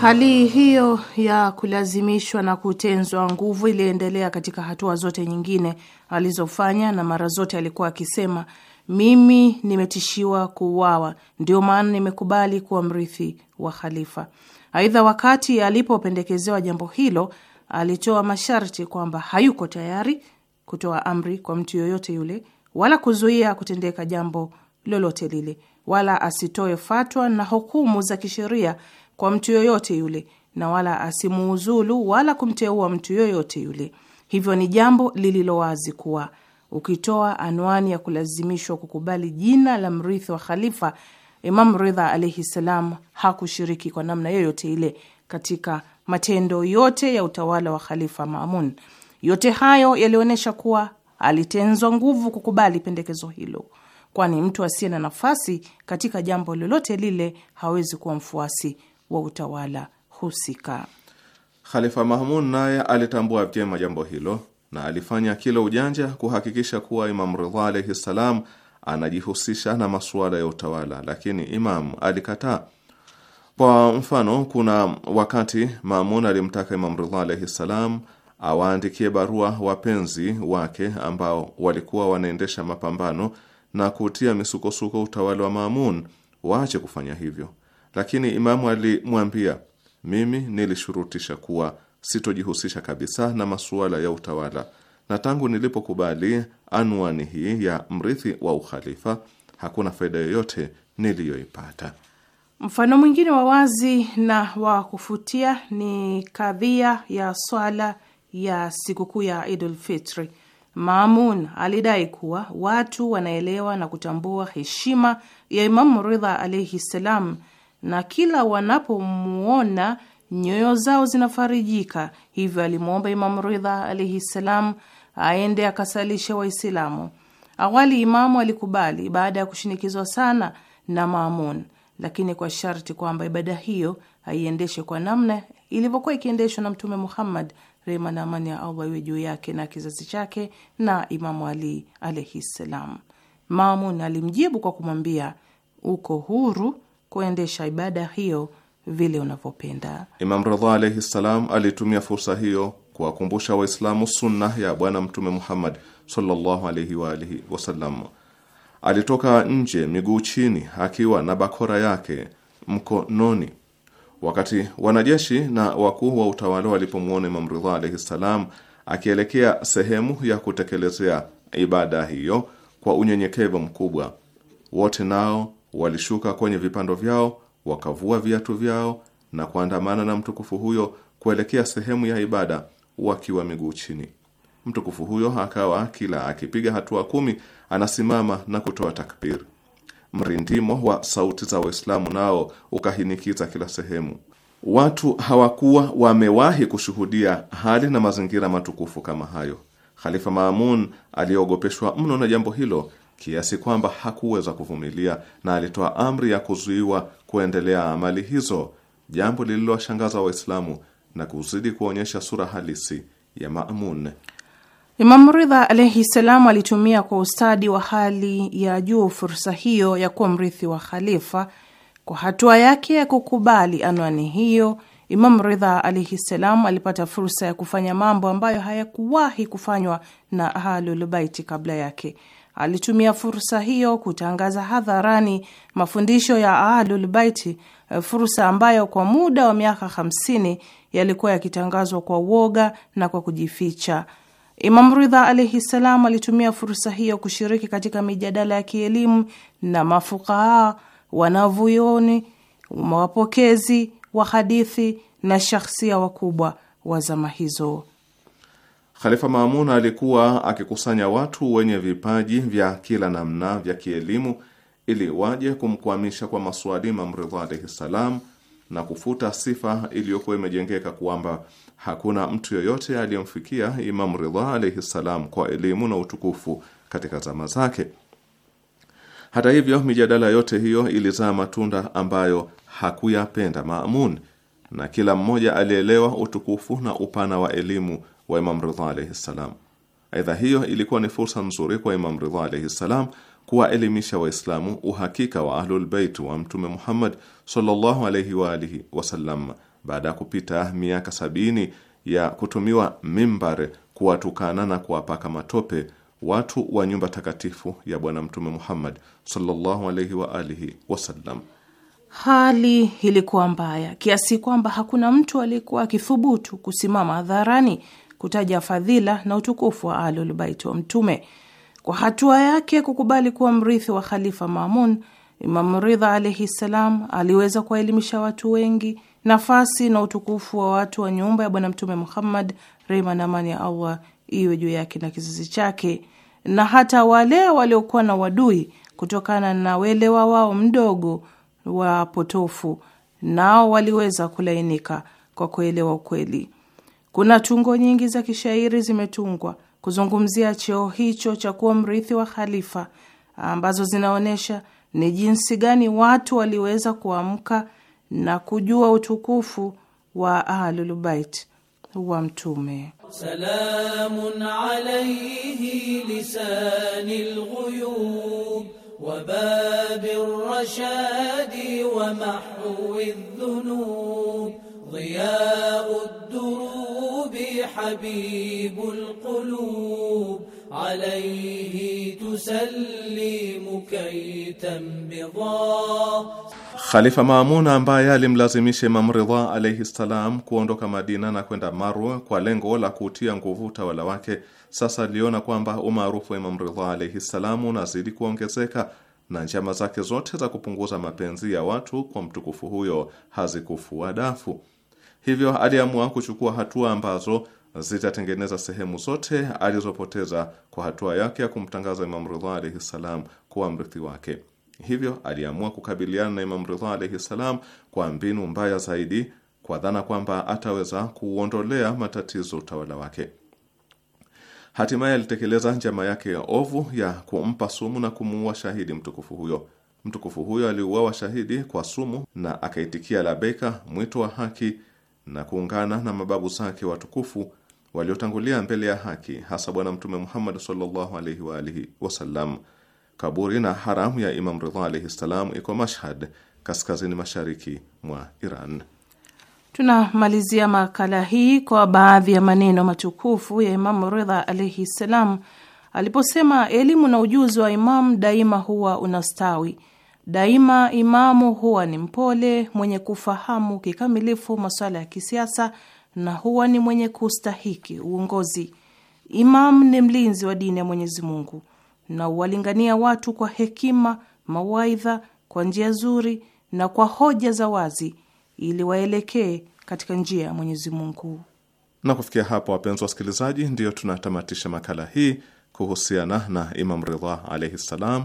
Hali hiyo ya kulazimishwa na kutenzwa nguvu iliendelea katika hatua zote nyingine alizofanya, na mara zote alikuwa akisema, mimi nimetishiwa kuuawa, ndio maana nimekubali kuwa mrithi wa khalifa. Aidha, wakati alipopendekezewa jambo hilo, alitoa masharti kwamba hayuko tayari kutoa amri kwa mtu yoyote yule, wala kuzuia kutendeka jambo lolote lile, wala asitoe fatwa na hukumu za kisheria kwa mtu yoyote yule, na wala asimuuzulu wala kumteua mtu yoyote yule. Hivyo ni jambo lililo wazi kuwa ukitoa anwani ya kulazimishwa kukubali jina la mrithi wa khalifa, Imam Ridha alaihi ssalam hakushiriki kwa namna yoyote ile katika matendo yote ya utawala wa khalifa mamun Yote hayo yalionyesha kuwa alitenzwa nguvu kukubali pendekezo hilo, kwani mtu asiye na nafasi katika jambo lolote lile hawezi kuwa mfuasi wa utawala husika. Khalifa Mahmud naye alitambua vyema jambo hilo na alifanya kila ujanja kuhakikisha kuwa Imam Ridha alaihi ssalam anajihusisha na masuala ya utawala, lakini Imam alikataa. Kwa mfano, kuna wakati Mamun alimtaka Imam Ridha alaihi ssalam awaandikie barua wapenzi wake ambao walikuwa wanaendesha mapambano na kutia misukosuko utawala wa Mamun waache kufanya hivyo lakini Imamu alimwambia, mimi nilishurutisha kuwa sitojihusisha kabisa na masuala ya utawala, na tangu nilipokubali anwani hii ya mrithi wa ukhalifa hakuna faida yoyote niliyoipata. Mfano mwingine wa wazi na wa kufutia ni kadhia ya swala ya sikukuu ya Idul Fitri. alidai kuwa watu wanaelewa na kutambua heshima ya Imamu Ridha alaihi ssalam na kila wanapomuona nyoyo zao zinafarijika. Hivyo alimwomba Imamu Ridha alaihi ssalam aende akasalishe Waislamu. Awali Imamu alikubali baada ya kushinikizwa sana na Maamun, lakini kwa sharti kwamba ibada hiyo aiendeshe kwa namna ilivyokuwa ikiendeshwa na Mtume Muhammad, rehma na amani ya Allah iwe juu yake na kizazi chake, na Imamu Ali alaihi ssalam. Maamun alimjibu kwa kumwambia uko huru kuendesha ibada hiyo vile unavyopenda. Imam Radha alaihi ssalam alitumia fursa hiyo kuwakumbusha Waislamu sunna ya Bwana Mtume Muhammad sallallahu alaihi wa alihi wasallam. Alitoka nje miguu chini akiwa na bakora yake mkononi. Wakati wanajeshi na wakuu wa utawala walipomwona Imam Ridha alaihi ssalam akielekea sehemu ya kutekelezea ibada hiyo kwa unyenyekevu mkubwa, wote nao Walishuka kwenye vipando vyao wakavua viatu vyao na kuandamana na mtukufu huyo kuelekea sehemu ya ibada wakiwa miguu chini. Mtukufu huyo akawa kila akipiga hatua kumi anasimama na kutoa takbir. Mrindimo wa sauti za Waislamu nao ukahinikiza kila sehemu. Watu hawakuwa wamewahi kushuhudia hali na mazingira matukufu kama hayo. Khalifa Maamun aliyeogopeshwa mno na jambo hilo kiasi kwamba hakuweza kuvumilia na alitoa amri ya kuzuiwa kuendelea amali hizo, jambo lililowashangaza Waislamu na kuzidi kuonyesha sura halisi ya Mamun. Imamu Ridha alaihi salam alitumia kwa ustadi wa hali ya juu fursa hiyo ya kuwa mrithi wa khalifa. Kwa hatua yake ya kukubali anwani hiyo, Imamu Ridha alaihi salam alipata fursa ya kufanya mambo ambayo hayakuwahi kufanywa na Ahlulbaiti kabla yake alitumia fursa hiyo kutangaza hadharani mafundisho ya Ahlul Baiti, eh, fursa ambayo kwa muda wa miaka 50 yalikuwa yakitangazwa kwa uoga na kwa kujificha. Imam Ridha alaihi ssalam alitumia fursa hiyo kushiriki katika mijadala ya kielimu na mafukaha, wanavuyoni, mawapokezi wa hadithi na shakhsia wakubwa wa zama hizo. Khalifa Maamun alikuwa akikusanya watu wenye vipaji vya kila namna vya kielimu ili waje kumkwamisha kwa maswali Imam Ridha alayhi na kufuta sifa iliyokuwa imejengeka kwamba hakuna mtu yoyote aliyemfikia Imam Ridha alaihi ssalam kwa elimu na utukufu katika zama zake. Hata hivyo, mijadala yote hiyo ilizaa matunda ambayo hakuyapenda Maamun, na kila mmoja alielewa utukufu na upana wa elimu wa Imam Ridha alayhi salam. Aidha, hiyo ilikuwa ni fursa nzuri kwa Imam Ridha alayhi salam kuwaelimisha Waislamu uhakika wa Ahlul wa Mtume Muhammad sallallahu alayhi wa alihi wasallam baada ya kupita miaka sabini ya kutumiwa mimbar kuwatukana na kuwapaka matope watu wa nyumba takatifu ya Bwana Mtume Muhammad sallallahu alaihi wa alihi wasallam. Hali ilikuwa mbaya kiasi kwamba hakuna mtu aliyekuwa akithubutu kusimama hadharani kutaja fadhila na utukufu wa Ahlul wa Mtume. Kwa hatua yake kukubali kuwa mrithi wa Khalifa mamun Imamu Ridha alaihi ssalam aliweza kuwaelimisha watu wengi nafasi na utukufu wa watu wa nyumba ya Bwana Mtume Muhammad, rehma na amani ya Allah iwe juu yake na kizazi chake, na hata wale waliokuwa na wadui kutokana na welewa wao mdogo wa potofu, nao waliweza kulainika kwa kuelewa ukweli. Kuna tungo nyingi za kishairi zimetungwa kuzungumzia cheo hicho cha kuwa mrithi wa khalifa, ambazo zinaonyesha ni jinsi gani watu waliweza kuamka na kujua utukufu wa Ahlulbait wa Mtume. Salamun alayhi wa rashadi wa mahwi dhunub ضياء الدروب حبيب القلوب عليه تسلم كي تنبضا. Khalifa Maamuna ambaye alimlazimisha Imam Ridha alayhi salam kuondoka Madina na kwenda Marwa kwa lengo la kutia nguvu utawala wake, sasa aliona kwamba umaarufu wa Imam Ridha alayhi salam unazidi kuongezeka na njama zake zote za kupunguza mapenzi ya watu kwa mtukufu huyo hazikufua dafu. Hivyo aliamua kuchukua hatua ambazo zitatengeneza sehemu zote alizopoteza kwa hatua yake ya kumtangaza Imam Ridha alaihi ssalam kuwa mrithi wake. Hivyo aliamua kukabiliana na Imam Ridha alaihi ssalam kwa mbinu mbaya zaidi, kwa dhana kwamba ataweza kuuondolea matatizo utawala wake. Hatimaye alitekeleza njama yake ya ovu ya kumpa sumu na kumuua shahidi mtukufu huyo. Mtukufu huyo aliuawa shahidi kwa sumu na akaitikia labeka, mwito wa haki na kuungana na mababu zake watukufu waliotangulia mbele ya haki, hasa Bwana Mtume Muhammad sallallahu alaihi wa alihi wasallam. Kaburi na haramu ya Imam Ridha alaihi ssalam iko Mashhad, kaskazini mashariki mwa Iran. Tunamalizia makala hii kwa baadhi ya maneno matukufu ya Imamu Ridha alaihi ssalam aliposema, elimu na ujuzi wa imamu daima huwa unastawi Daima imamu huwa ni mpole, mwenye kufahamu kikamilifu masuala ya kisiasa na huwa ni mwenye kustahiki uongozi. imam ni mlinzi wa dini ya Mwenyezi Mungu na huwalingania watu kwa hekima, mawaidha, kwa njia nzuri na kwa hoja za wazi, ili waelekee katika njia ya Mwenyezi Mungu. Na kufikia hapo, wapenzi wasikilizaji, ndiyo tunatamatisha makala hii kuhusiana na Imam Ridha alaihi ssalam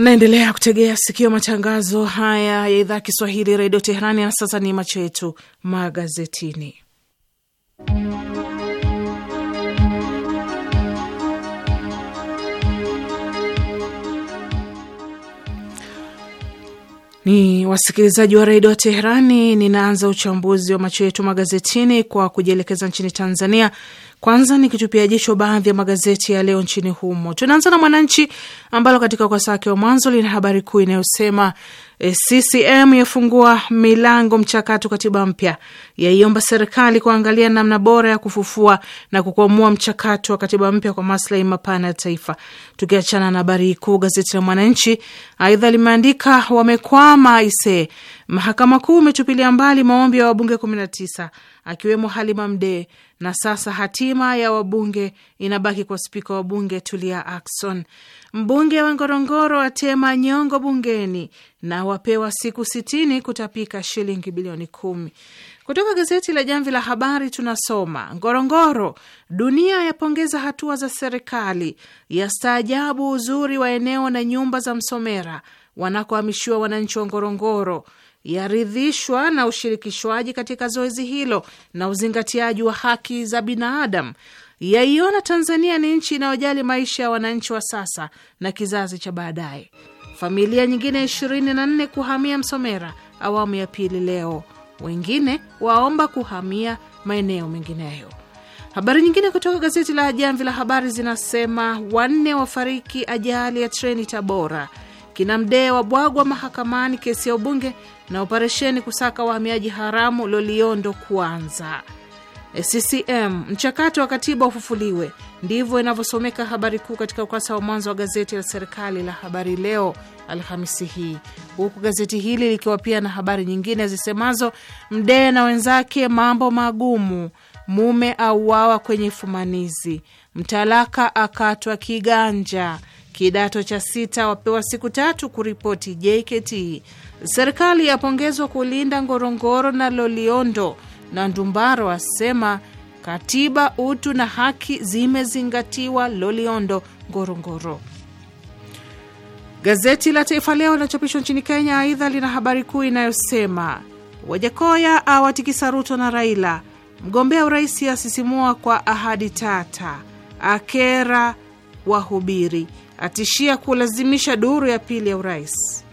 Naendelea kutegea sikio matangazo haya ya idhaa Kiswahili redio Teherani. Na sasa ni macho yetu magazetini. Ni wasikilizaji wa redio Teherani. Ninaanza uchambuzi wa macho yetu magazetini kwa kujielekeza nchini Tanzania kwanza nikitupia jicho baadhi ya magazeti ya leo nchini humo, tunaanza na Mwananchi ambalo katika ukurasa wake wa mwanzo lina habari kuu inayosema E, CCM yafungua milango mchakato katiba mpya, yaiomba serikali kuangalia namna bora ya kufufua na kukwamua mchakato wa katiba mpya kwa maslahi mapana ya taifa. Tukiachana na habari kuu, gazeti la Mwananchi aidha limeandika wamekwama ise, mahakama kuu imetupilia mbali maombi ya wabunge 19 akiwemo Halima Mdee, na sasa hatima ya wabunge inabaki kwa spika wa bunge Tulia Akson. Mbunge wa Ngorongoro atema nyongo bungeni na wapewa siku sitini kutapika shilingi bilioni kumi. Kutoka gazeti la Jamvi la Habari tunasoma Ngorongoro, dunia yapongeza hatua za serikali, yastaajabu uzuri wa eneo na nyumba za Msomera wanakohamishiwa wananchi wa Ngorongoro, yaridhishwa na ushirikishwaji katika zoezi hilo na uzingatiaji wa haki za binadamu yaiona Tanzania ni nchi inayojali maisha ya wananchi wa sasa na kizazi cha baadaye. Familia nyingine 24 kuhamia Msomera awamu ya pili leo, wengine waomba kuhamia maeneo mengineyo. Habari nyingine kutoka gazeti la Jamvi la Habari zinasema wanne wafariki ajali ya treni Tabora, kina Mdee wabwagwa mahakamani kesi ya ubunge, na operesheni kusaka wahamiaji haramu Loliondo kuanza. CCM mchakato wa katiba ufufuliwe, ndivyo inavyosomeka habari kuu katika ukurasa wa mwanzo wa gazeti la serikali la Habari Leo Alhamisi hii, huku gazeti hili likiwa pia na habari nyingine zisemazo Mdee na wenzake mambo magumu, mume auawa kwenye fumanizi, mtalaka akatwa kiganja, kidato cha sita wapewa siku tatu kuripoti JKT, serikali yapongezwa kulinda Ngorongoro na Loliondo na Ndumbaro asema katiba, utu na haki zimezingatiwa Loliondo, Ngorongoro. Gazeti la Taifa Leo linachapishwa nchini Kenya, aidha lina habari kuu inayosema Wajakoya awatikisa Ruto na Raila, mgombea urais asisimua kwa ahadi tata, akera wahubiri, atishia kulazimisha duru ya pili ya urais.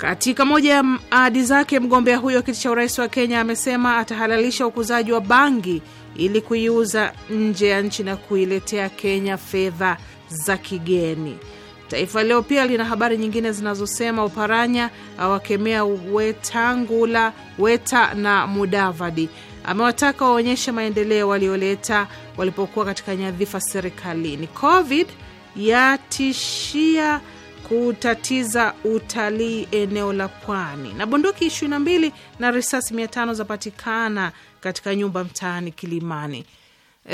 Katika moja ya ahadi zake, mgombea huyo kiti cha urais wa Kenya amesema atahalalisha ukuzaji wa bangi ili kuiuza nje ya nchi na kuiletea Kenya fedha za kigeni. Taifa Leo pia lina habari nyingine zinazosema Uparanya awakemea Wetangula, Weta na Mudavadi. Amewataka waonyeshe maendeleo walioleta walipokuwa katika nyadhifa serikalini. Covid yatishia kutatiza utalii eneo la pwani. Na bunduki 22 na risasi 5 zapatikana katika nyumba mtaani Kilimani.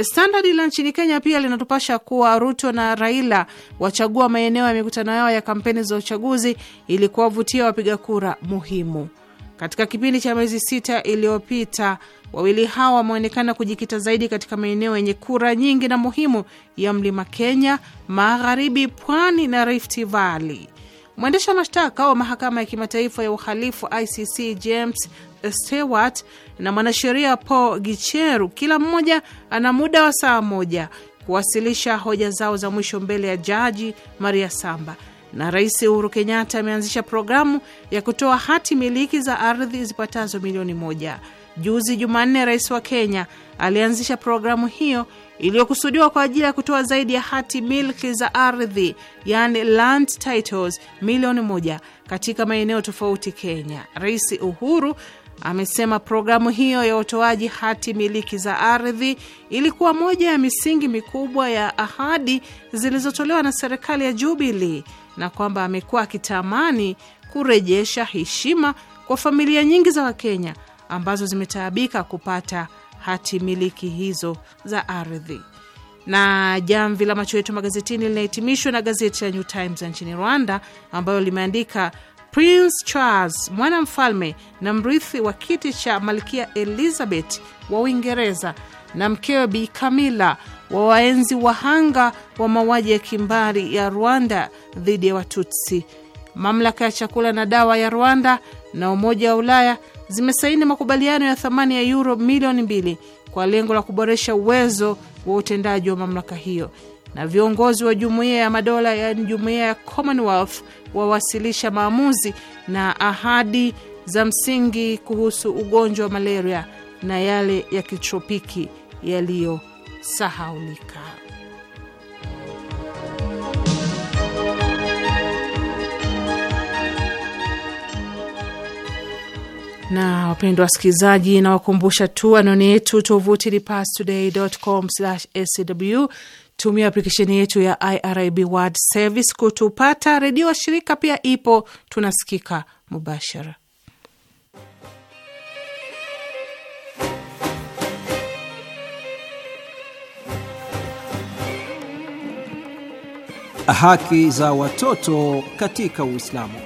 Standard la nchini Kenya pia linatupasha kuwa Ruto na Raila wachagua maeneo ya mikutano yao ya kampeni za uchaguzi ili kuwavutia wapiga kura muhimu. Katika kipindi cha miezi sita iliyopita, Wawili hawa wameonekana kujikita zaidi katika maeneo yenye kura nyingi na muhimu ya mlima Kenya, magharibi, pwani na Rift Valley. Mwendesha mashtaka wa mahakama ya kimataifa ya uhalifu ICC James Stewart na mwanasheria Paul Gicheru, kila mmoja ana muda wa saa moja kuwasilisha hoja zao za mwisho mbele ya jaji Maria Samba. Na Rais Uhuru Kenyatta ameanzisha programu ya kutoa hati miliki za ardhi zipatazo milioni moja. Juzi Jumanne, rais wa Kenya alianzisha programu hiyo iliyokusudiwa kwa ajili ya kutoa zaidi ya hati milki za ardhi, yani land titles, milioni moja katika maeneo tofauti Kenya. Rais Uhuru amesema programu hiyo ya utoaji hati miliki za ardhi ilikuwa moja ya misingi mikubwa ya ahadi zilizotolewa na serikali ya Jubilee na kwamba amekuwa akitamani kurejesha heshima kwa familia nyingi za Wakenya ambazo zimetaabika kupata hati miliki hizo za ardhi. Na jamvi la macho yetu magazetini linahitimishwa na gazeti la New Times ya nchini Rwanda, ambayo limeandika Prince Charles mwanamfalme na mrithi wa kiti cha malkia Elizabeth wa Uingereza na mkewe Bi Camilla wa waenzi wahanga wa mauaji ya kimbari ya Rwanda dhidi ya Watutsi. Mamlaka ya chakula na dawa ya Rwanda na Umoja wa Ulaya zimesaini makubaliano ya thamani ya yuro milioni mbili kwa lengo la kuboresha uwezo wa utendaji wa mamlaka hiyo, na viongozi wa jumuiya ya madola yaani jumuiya ya Commonwealth wawasilisha maamuzi na ahadi za msingi kuhusu ugonjwa wa malaria na yale ya kitropiki yaliyosahaulika. na wapendwa wasikilizaji, nawakumbusha tu anwani yetu tovuti ni pastoday.com/sw. Tumia aplikesheni yetu ya IRIB World Service kutupata. Redio wa shirika pia ipo, tunasikika mubashara. Haki za watoto katika Uislamu.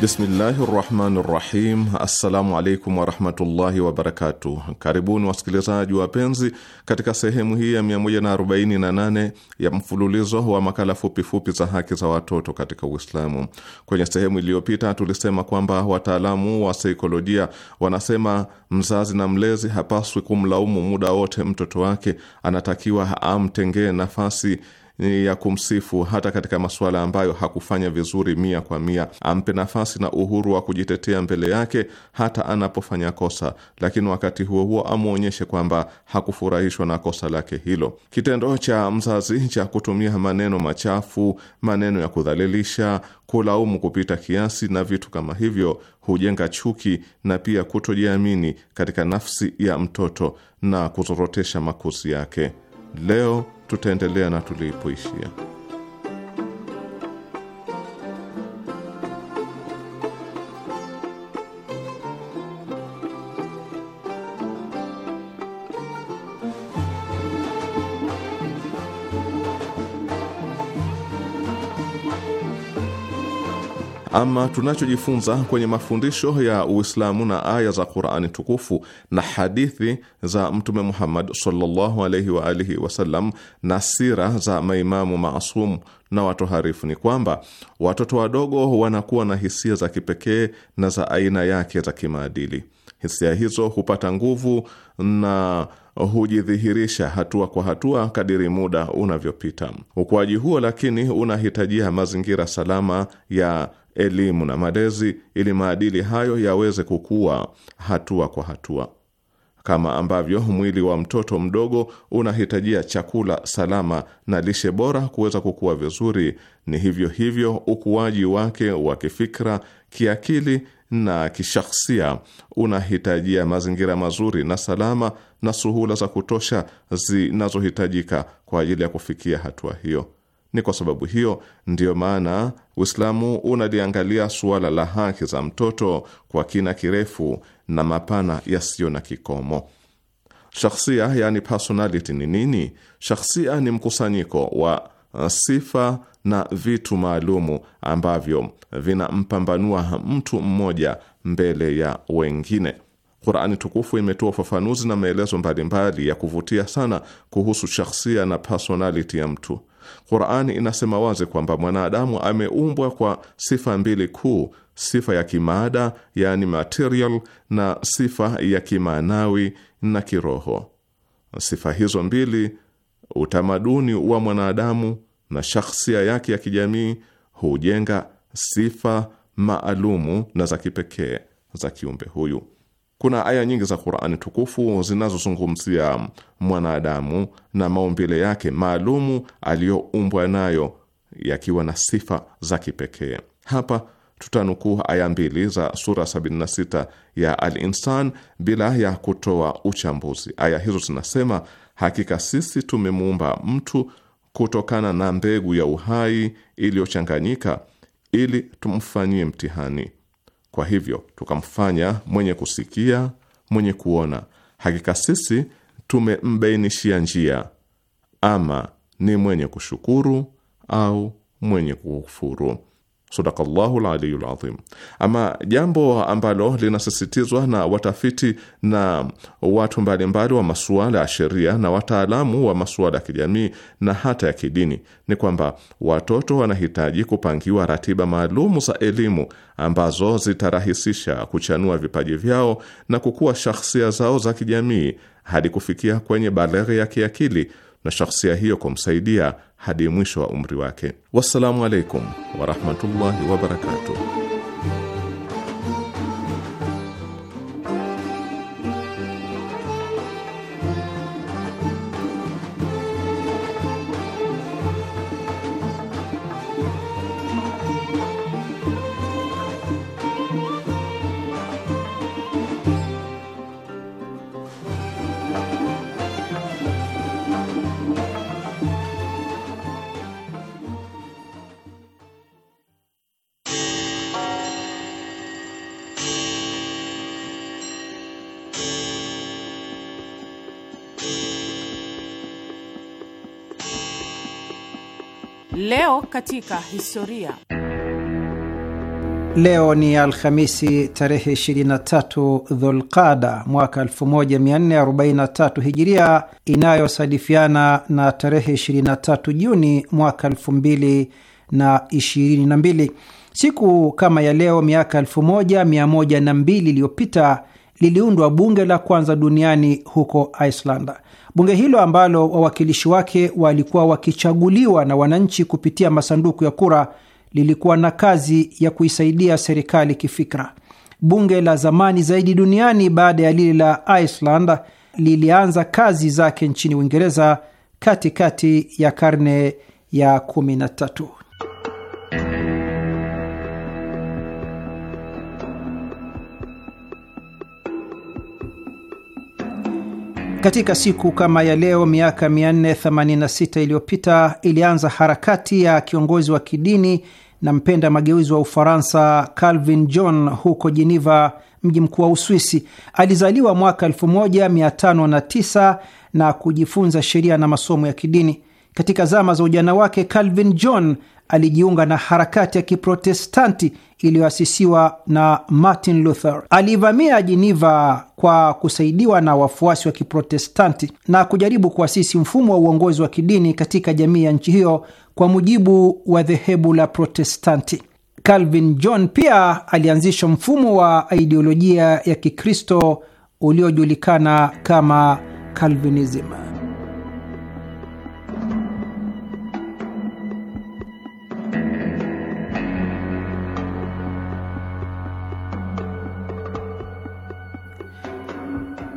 Bismillahi rahmani rahim. Assalamu alaikum warahmatullahi wabarakatuh. Karibuni wasikilizaji wapenzi, katika sehemu hii ya 148 ya mfululizo wa makala fupifupi za haki za watoto katika Uislamu. Kwenye sehemu iliyopita tulisema kwamba wataalamu wa saikolojia wanasema mzazi na mlezi hapaswi kumlaumu muda wote mtoto wake, anatakiwa amtengee nafasi ya kumsifu hata katika masuala ambayo hakufanya vizuri mia kwa mia, ampe nafasi na uhuru wa kujitetea mbele yake hata anapofanya kosa, lakini wakati huo huo amwonyeshe kwamba hakufurahishwa na kosa lake hilo. Kitendo cha mzazi cha kutumia maneno machafu, maneno ya kudhalilisha, kulaumu kupita kiasi na vitu kama hivyo hujenga chuki na pia kutojiamini katika nafsi ya mtoto na kuzorotesha makuzi yake. Leo tutaendelea na tulipoishia. Ama tunachojifunza kwenye mafundisho ya Uislamu na aya za Qurani tukufu na hadithi za Mtume Muhammad sallallahu alaihi wa alihi wasallam na sira za maimamu masum na watoharifu ni kwamba watoto wadogo wanakuwa na hisia za kipekee na za aina yake za kimaadili. Hisia hizo hupata nguvu na hujidhihirisha hatua kwa hatua kadiri muda unavyopita. Ukuaji huo lakini unahitajia mazingira salama ya elimu na malezi, ili maadili hayo yaweze kukua hatua kwa hatua. Kama ambavyo mwili wa mtoto mdogo unahitajia chakula salama na lishe bora kuweza kukua vizuri, ni hivyo hivyo ukuaji wake wa kifikra, kiakili na kishakhsia unahitajia mazingira mazuri na salama na suhula za kutosha zinazohitajika kwa ajili ya kufikia hatua hiyo. Ni kwa sababu hiyo ndiyo maana Uislamu unaliangalia suala la haki za mtoto kwa kina kirefu na mapana yasiyo na kikomo. Shakhsia yani personality ni nini? Shakhsia ni mkusanyiko wa uh, sifa na vitu maalumu ambavyo vinampambanua mtu mmoja mbele ya wengine. Qurani tukufu imetoa ufafanuzi na maelezo mbalimbali ya kuvutia sana kuhusu shakhsia na personality ya mtu. Qur'ani inasema wazi kwamba mwanadamu ameumbwa kwa sifa mbili kuu, sifa ya kimaada yani material, na sifa ya kimaanawi na kiroho. Sifa hizo mbili, utamaduni wa mwanadamu na shakhsia yake ya kijamii hujenga sifa maalumu na za kipekee za kiumbe huyu. Kuna aya nyingi za Qur'ani tukufu zinazozungumzia mwanadamu na maumbile yake maalumu aliyoumbwa nayo yakiwa na sifa za kipekee. Hapa tutanukuu aya mbili za sura 76 ya Al-Insan bila ya kutoa uchambuzi. Aya hizo zinasema, hakika sisi tumemuumba mtu kutokana na mbegu ya uhai iliyochanganyika ili tumfanyie mtihani kwa hivyo tukamfanya mwenye kusikia, mwenye kuona. Hakika sisi tumembainishia njia, ama ni mwenye kushukuru au mwenye kukufuru. Sadakallahu aliyul adhim. Ama jambo ambalo linasisitizwa na watafiti na watu mbalimbali wa masuala ya sheria na wataalamu wa masuala ya kijamii na hata ya kidini ni kwamba watoto wanahitaji kupangiwa ratiba maalumu za elimu ambazo zitarahisisha kuchanua vipaji vyao na kukua shakhsia zao za kijamii hadi kufikia kwenye baleghe ya kiakili na shakhsia hiyo kumsaidia hadi mwisho wa umri wake. Wassalamu alaikum warahmatullahi wabarakatuh. katika historia. Leo ni Alhamisi tarehe 23 Dhulqada mwaka 1443 Hijiria, inayosadifiana na tarehe 23 Juni mwaka 2022. Siku kama ya leo miaka 1102 iliyopita liliundwa bunge la kwanza duniani huko Iceland. Bunge hilo ambalo wawakilishi wake walikuwa wakichaguliwa na wananchi kupitia masanduku ya kura lilikuwa na kazi ya kuisaidia serikali kifikra. Bunge la zamani zaidi duniani baada ya lile la Iceland lilianza kazi zake nchini Uingereza katikati ya karne ya 13. katika siku kama ya leo miaka 486 iliyopita ilianza harakati ya kiongozi wa kidini na mpenda mageuzi wa Ufaransa Calvin John huko Geneva, mji mkuu wa Uswisi. Alizaliwa mwaka 1509 na kujifunza sheria na masomo ya kidini. Katika zama za ujana wake Calvin John alijiunga na harakati ya Kiprotestanti iliyoasisiwa na Martin Luther. Alivamia Jiniva kwa kusaidiwa na wafuasi wa Kiprotestanti na kujaribu kuasisi mfumo wa uongozi wa kidini katika jamii ya nchi hiyo kwa mujibu wa dhehebu la Protestanti. Calvin John pia alianzisha mfumo wa idiolojia ya Kikristo uliojulikana kama Calvinism.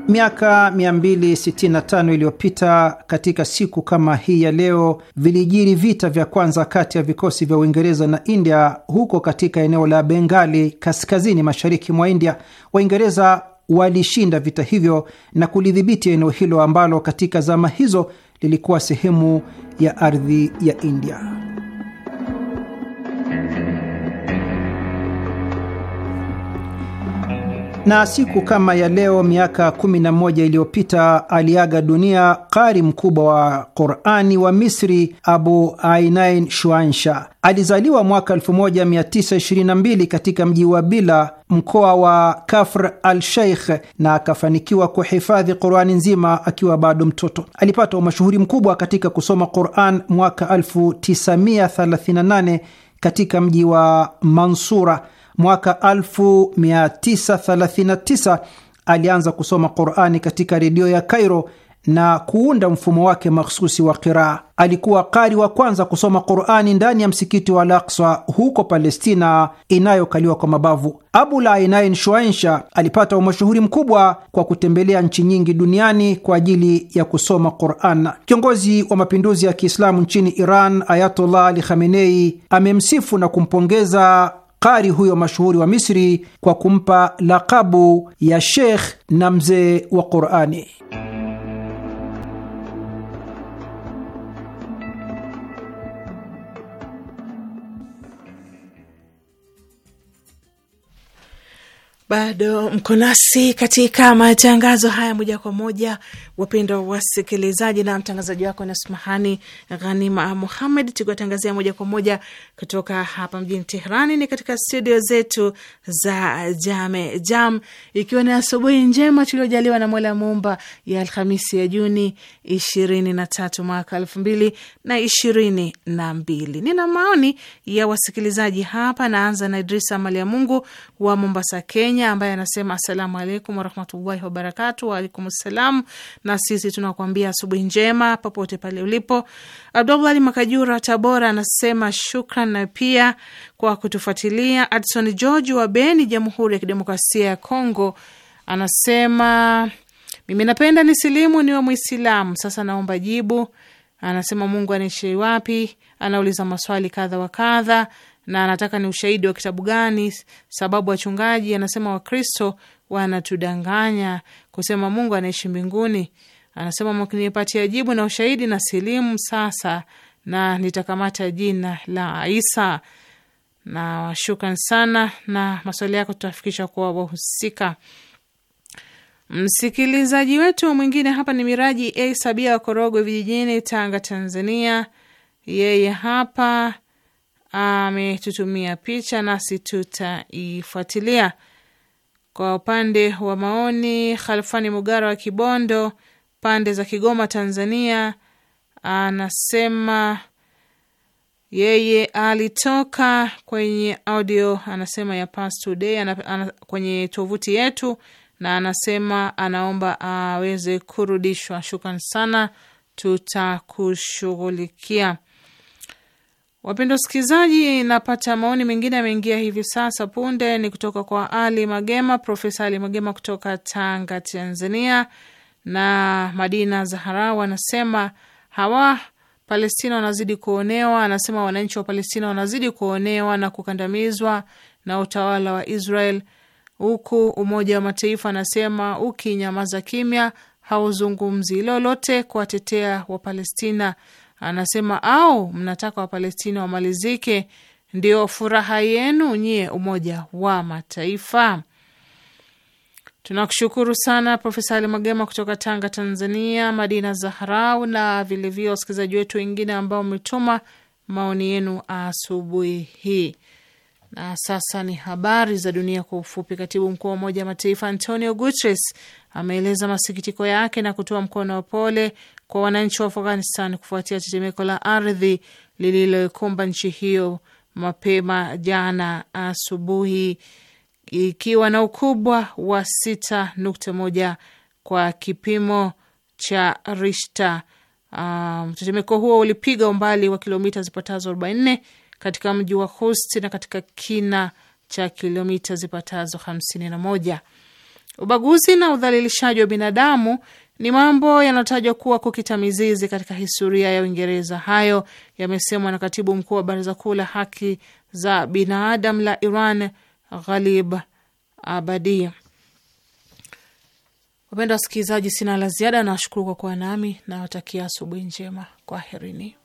Miaka 265 iliyopita katika siku kama hii ya leo vilijiri vita vya kwanza kati ya vikosi vya Uingereza na India huko katika eneo la Bengali kaskazini mashariki mwa India. Waingereza walishinda vita hivyo na kulidhibiti eneo hilo ambalo katika zama hizo lilikuwa sehemu ya ardhi ya India. Na siku kama ya leo miaka 11 iliyopita aliaga dunia qari mkubwa wa Qurani wa Misri Abu Ainain Shuansha. Alizaliwa mwaka 1922 katika mji wa Bila, mkoa wa Kafr al Sheikh, na akafanikiwa kuhifadhi Qurani nzima akiwa bado mtoto. Alipata umashuhuri mkubwa katika kusoma Quran mwaka 1938 katika mji wa Mansura mwaka 1939 alianza kusoma Qurani katika redio ya Kairo na kuunda mfumo wake mahsusi wa qiraa. Alikuwa qari wa kwanza kusoma Qurani ndani ya msikiti wa Al-Aqsa huko Palestina inayokaliwa kwa mabavu. Abu Lainain Shuainsha alipata umashuhuri mkubwa kwa kutembelea nchi nyingi duniani kwa ajili ya kusoma Quran. Kiongozi wa mapinduzi ya Kiislamu nchini Iran Ayatollah Ali Khamenei amemsifu na kumpongeza qari huyo mashuhuri wa Misri kwa kumpa lakabu ya Sheikh na mzee wa Qurani. Bado mko nasi katika matangazo haya moja kwa moja wapendwa wasikilizaji, na mtangazaji wako Nasmahani Ghanima Muhamed, tukiwatangazia moja kwa moja kutoka hapa mjini Teherani, ni katika studio zetu za Jame Jam, ikiwa ni asubuhi njema tuliojaliwa na Mola Mumba ya Alhamisi ya Juni ishirini na tatu mwaka elfu mbili na ishirini na mbili. Nina maoni ya wasikilizaji hapa, naanza na Idrisa Mali ya Mungu wa Mombasa, Kenya, ambaye anasema asalamu alaikum warahmatullahi wabarakatu. Waalaikum salam na sisi tunakuambia asubuhi njema popote pale ulipo. Abdullahi Makajura Tabora anasema shukran, na pia kwa kutufuatilia. Adson George wa Beni, Jamhuri ya Kidemokrasia ya Kongo, anasema mimi napenda nisilimu niwe Mwislamu. Sasa naomba jibu Anasema Mungu anaishi wapi? Anauliza maswali kadha wa kadha, na anataka ni ushahidi wa kitabu gani? Sababu wachungaji, anasema Wakristo wanatudanganya kusema Mungu anaishi mbinguni. Anasema mkinipatia jibu na ushahidi na silimu sasa, na nitakamata jina la Isa. Na washukran sana, na maswali yako tutafikisha kwa wahusika. Msikilizaji wetu mwingine hapa ni Miraji A Sabia wa Korogwe Vijijini, Tanga, Tanzania. Yeye hapa ametutumia picha nasi tutaifuatilia. Kwa upande wa maoni, Khalfani Mugara wa Kibondo, pande za Kigoma, Tanzania, anasema yeye alitoka kwenye audio, anasema ya Past Today ana, ana, kwenye tovuti yetu na anasema anaomba aweze kurudishwa. Shukran sana, tutakushughulikia. Wapendwa wasikilizaji, napata maoni mengine yameingia hivi sasa punde, ni kutoka kwa Ali Magema, Profesa Ali Magema kutoka Tanga, Tanzania, na Madina Zaharau anasema hawa Palestina wanazidi kuonewa. Anasema wananchi wa Palestina wanazidi kuonewa na kukandamizwa na utawala wa Israel huku Umoja wa Mataifa anasema ukinyamaza kimya hauzungumzi lolote kuwatetea Wapalestina. Anasema au mnataka Wapalestina wamalizike? Ndio furaha yenu nyie, Umoja wa Mataifa? Tunakushukuru sana Profesa Ali Magema kutoka Tanga, Tanzania, Madina Zaharau na vilevile wasikilizaji wetu wengine ambao umetuma maoni yenu asubuhi hii. Na sasa ni habari za dunia kwa ufupi. Katibu mkuu wa Umoja wa Mataifa Antonio Guterres ameeleza masikitiko yake na kutoa mkono wa pole kwa wananchi wa Afghanistan kufuatia tetemeko la ardhi lililokumba nchi hiyo mapema jana asubuhi ikiwa na ukubwa wa 6.1 kwa kipimo cha Richter. Um, tetemeko huo ulipiga umbali wa kilomita zipatazo katika mji wa Host na katika kina cha kilomita zipatazo 51. Ubaguzi na udhalilishaji wa binadamu ni mambo yanayotajwa kuwa kukita mizizi katika historia ya Uingereza. Hayo yamesemwa na katibu mkuu wa Baraza Kuu la Haki za Binadamu la Iran, Ghalib Abadi. Wapenda wasikilizaji, sina la ziada. Nawashukuru kwa kuwa nami, nawatakia asubuhi njema. Kwaherini.